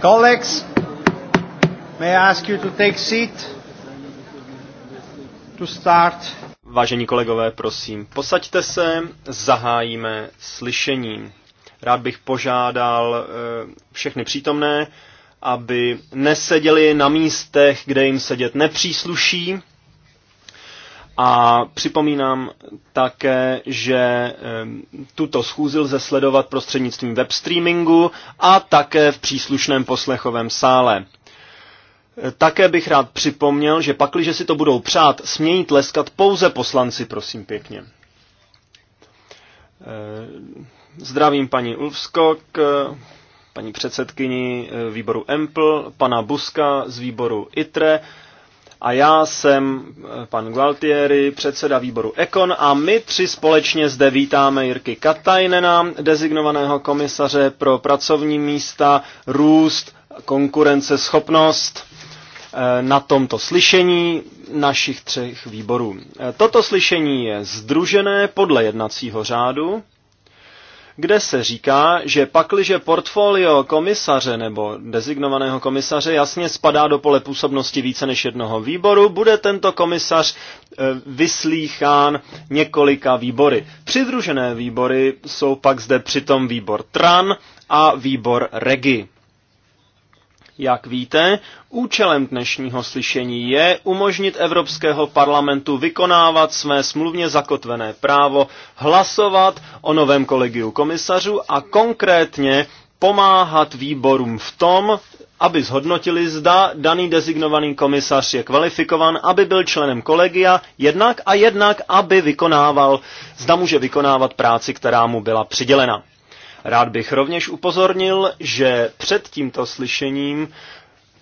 Colleagues, may I ask you to take seat to start. Vážení kolegové, prosím, posaďte se, zahájíme slyšení. Rád bych požádal eh, všechny přítomné, aby neseděli na místech, kde jim sedět nepřísluší, a připomínám také, že tuto schůzi lze sledovat prostřednictvím web streamingu a také v příslušném poslechovém sále. E, také bych rád připomněl, že pakliže si to budou přát, smějí tleskat pouze poslanci, prosím pěkně. E, zdravím paní Ulfskok, e, paní předsedkyni výboru EMPL, pana Buska z výboru ITRE, a já jsem eh, pan Gualtieri, předseda výboru Econ, a my tři společně zde vítáme Jirky Katajnena, dezignovaného komisaře pro pracovní místa, růst, konkurenceschopnost eh, na tomto slyšení našich třech výborů. Eh, Toto slyšení je združené podle jednacího řádu kde se říká, že pakliže portfolio komisaře nebo dezignovaného komisaře jasně spadá do pole působnosti více než jednoho výboru, bude tento komisař e, vyslýchán několika výbory. Přidružené výbory jsou pak zde přitom výbor TRAN a výbor REGI. Jak víte, účelem dnešního slyšení je umožnit Evropského parlamentu vykonávat své smluvně zakotvené právo hlasovat o novém kolegiu komisařů a konkrétně pomáhat výborům v tom, aby zhodnotili, zda daný designovaný komisař je kvalifikovan, aby byl členem kolegia, jednak a jednak, aby vykonával, zda může vykonávat práci, která mu byla přidělena. Rád bych rovněž upozornil, že před tímto slyšením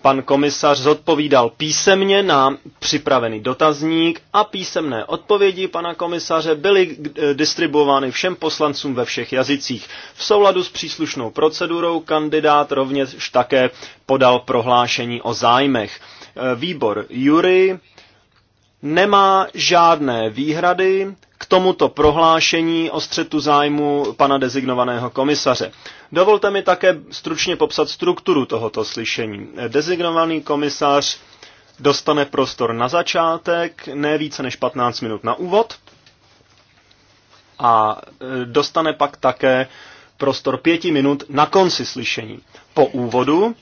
pan komisař zodpovídal písemně na připravený dotazník a písemné odpovědi pana komisaře byly eh, distribuovány všem poslancům ve všech jazycích. V souladu s příslušnou procedurou kandidát rovněž také podal prohlášení o zájmech. Eh, výbor Jury nemá žádné výhrady tomuto prohlášení o střetu zájmu pana dezignovaného komisaře. Dovolte mi také stručně popsat strukturu tohoto slyšení. Dezignovaný komisař dostane prostor na začátek, ne více než 15 minut na úvod, a e, dostane pak také prostor pěti minut na konci slyšení. Po úvodu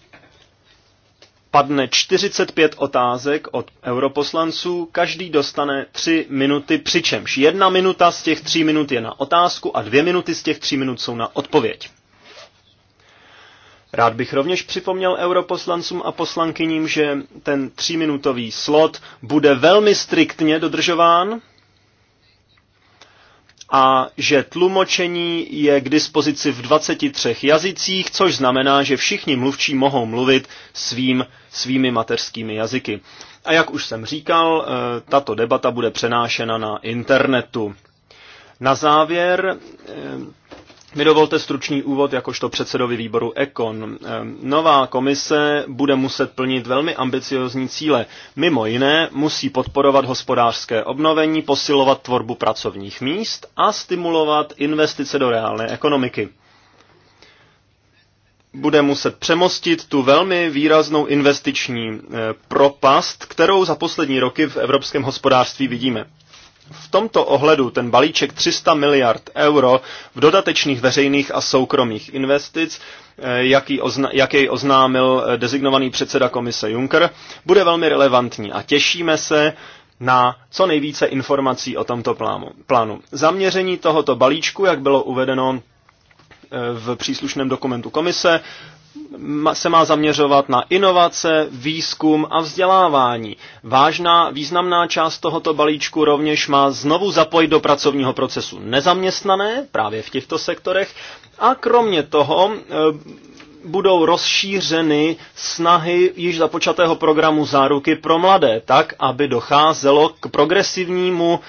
padne 45 otázek od europoslanců, každý dostane 3 minuty, přičemž jedna minuta z těch 3 minut je na otázku a dvě minuty z těch 3 minut jsou na odpověď. Rád bych rovněž připomněl europoslancům a poslankyním, že ten tříminutový slot bude velmi striktně dodržován, a že tlumočení je k dispozici v 23 jazycích, což znamená, že všichni mluvčí mohou mluvit svým, svými mateřskými jazyky. A jak už jsem říkal, eh, tato debata bude přenášena na internetu. Na závěr eh, mi dovolte stručný úvod jakožto předsedovi výboru Ekon. Ehm, nová komise bude muset plnit velmi ambiciozní cíle. Mimo jiné musí podporovat hospodářské obnovení, posilovat tvorbu pracovních míst a stimulovat investice do reálné ekonomiky. Bude muset přemostit tu velmi výraznou investiční eh, propast, kterou za poslední roky v evropském hospodářství vidíme. V tomto ohledu ten balíček 300 miliard euro v dodatečných veřejných a soukromých investic, eh, jaký ozna, jak jej oznámil eh, designovaný předseda komise Juncker, bude velmi relevantní a těšíme se na co nejvíce informací o tomto plánu. plánu. Zaměření tohoto balíčku, jak bylo uvedeno eh, v příslušném dokumentu komise, se má zaměřovat na inovace, výzkum a vzdělávání. Vážná, významná část tohoto balíčku rovněž má znovu zapojit do pracovního procesu nezaměstnané, právě v těchto sektorech, a kromě toho eh, budou rozšířeny snahy již započatého programu záruky pro mladé, tak, aby docházelo k progresivnímu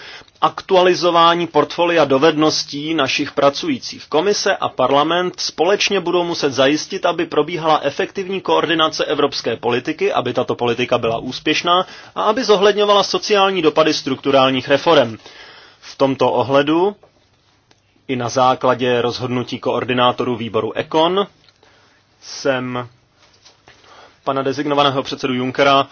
aktualizování portfolia dovedností našich pracujících. Komise a parlament společně budou muset zajistit, aby probíhala efektivní koordinace evropské politiky, aby tato politika byla úspěšná a aby zohledňovala sociální dopady strukturálních reform. V tomto ohledu i na základě rozhodnutí koordinátorů výboru ECON jsem pana dezignovaného předsedu Junkera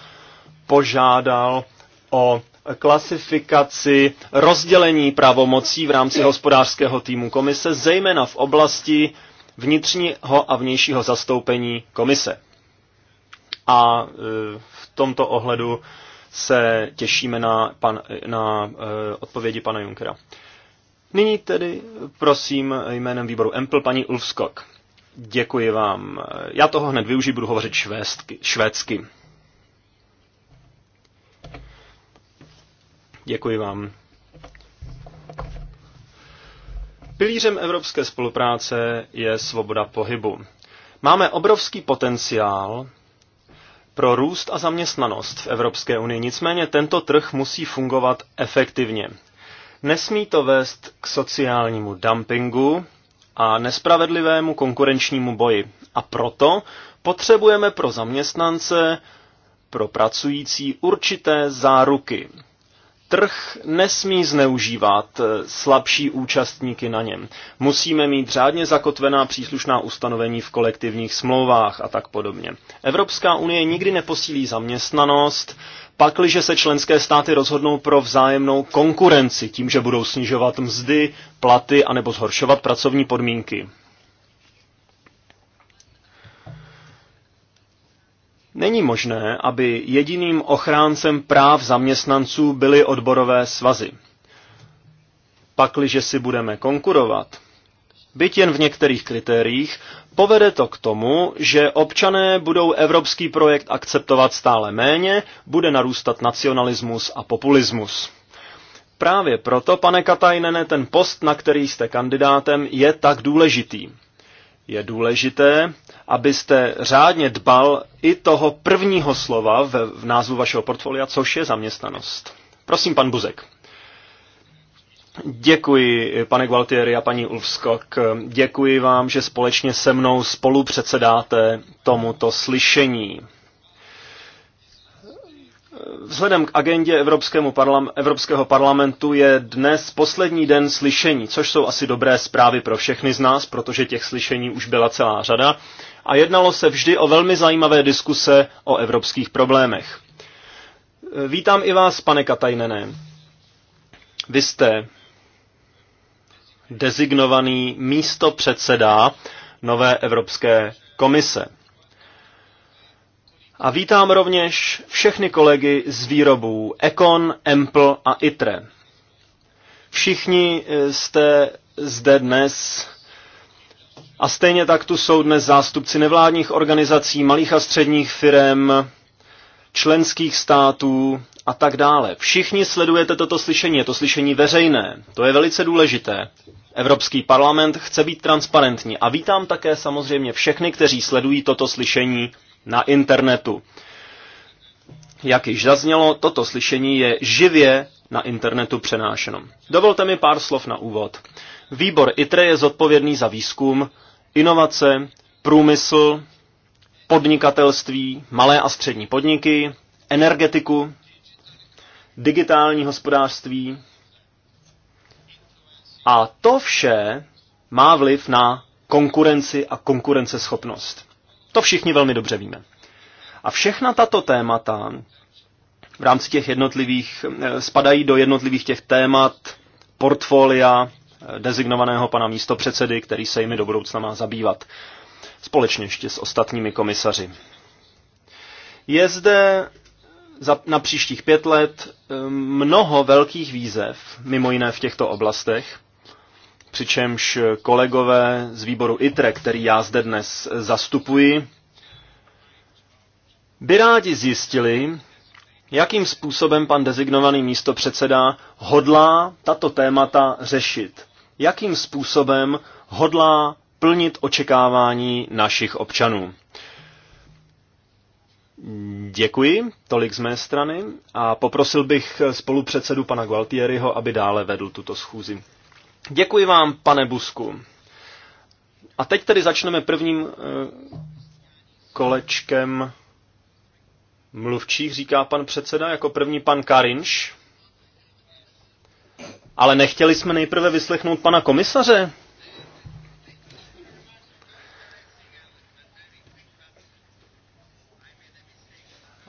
požádal o klasifikaci rozdělení pravomocí v rámci hospodářského týmu komise, zejména v oblasti vnitřního a vnějšího zastoupení komise. A e, v tomto ohledu se těšíme na, pan, na e, odpovědi pana Junkera. Nyní tedy prosím jménem výboru Empl paní Ulfskok. Děkuji vám. Já toho hned využiju, budu hovořit švédsky. švédsky. Děkuji vám. Pilířem evropské spolupráce je svoboda pohybu. Máme obrovský potenciál pro růst a zaměstnanost v Evropské unii, nicméně tento trh musí fungovat efektivně. Nesmí to vést k sociálnímu dumpingu, a nespravedlivému konkurenčnímu boji. A proto potřebujeme pro zaměstnance, pro pracující určité záruky, Trh nesmí zneužívat eh, slabší účastníky na něm. Musíme mít řádně zakotvená příslušná ustanovení v kolektivních smlouvách a tak podobně. Evropská unie nikdy neposílí zaměstnanost, pakliže se členské státy rozhodnou pro vzájemnou konkurenci tím, že budou snižovat mzdy, platy anebo zhoršovat pracovní podmínky. Není možné, aby jediným ochráncem práv zaměstnanců byly odborové svazy. Pakliže si budeme konkurovat, byť jen v některých kritériích, povede to k tomu, že občané budou evropský projekt akceptovat stále méně, bude narůstat nacionalismus a populismus. Právě proto, pane Katajnene, ten post, na který jste kandidátem, je tak důležitý je důležité, abyste řádně dbal i toho prvního slova v, v názvu vašeho portfolia, což je zaměstnanost. Prosím, pan Buzek. Děkuji, pane Gualtieri a paní Ulfskok. Děkuji vám, že společně se mnou spolupředsedáte tomuto slyšení. Vzhledem k agendě Evropskému parlam- Evropského parlamentu je dnes poslední den slyšení, což jsou asi dobré zprávy pro všechny z nás, protože těch slyšení už byla celá řada. A jednalo se vždy o velmi zajímavé diskuse o evropských problémech. Vítám i vás, pane Katajnené. Vy jste dezignovaný místo předseda nové Evropské komise. A vítám rovněž všechny kolegy z výrobů Econ, Empl a ITRE. Všichni eh, jste zde dnes a stejně tak tu jsou dnes zástupci nevládních organizací, malých a středních firm, členských států a tak dále. Všichni sledujete toto slyšení, je to slyšení veřejné, to je velice důležité. Evropský parlament chce být transparentní a vítám také samozřejmě všechny, kteří sledují toto slyšení na internetu. Jak již zaznělo, toto slyšení je živě na internetu přenášeno. Dovolte mi pár slov na úvod. Výbor ITRE je zodpovědný za výzkum, inovace, průmysl, podnikatelství, malé a střední podniky, energetiku, digitální hospodářství. A to vše má vliv na konkurenci a konkurenceschopnost. To všichni velmi dobře víme. A všechna tato témata v rámci těch jednotlivých, eh, spadají do jednotlivých těch témat portfolia eh, dezignovaného pana místopředsedy, který se jimi do budoucna má zabývat, společně ještě s ostatními komisaři. Je zde za, na příštích pět let eh, mnoho velkých výzev, mimo jiné v těchto oblastech, přičemž kolegové z výboru ITRE, který já zde dnes zastupuji, by rádi zjistili, jakým způsobem pan dezignovaný místopředseda hodlá tato témata řešit. Jakým způsobem hodlá plnit očekávání našich občanů. Děkuji, tolik z mé strany a poprosil bych spolupředsedu pana Gualtieriho, aby dále vedl tuto schůzi. Děkuji vám, pane Busku. A teď tedy začneme prvním eh, kolečkem mluvčích, říká pan předseda, jako první pan Karinš. Ale nechtěli jsme nejprve vyslechnout pana komisaře?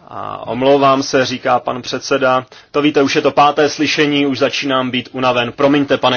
A omlouvám se, říká pan předseda. To víte, už je to páté slyšení, už začínám být unaven. Promiňte, pane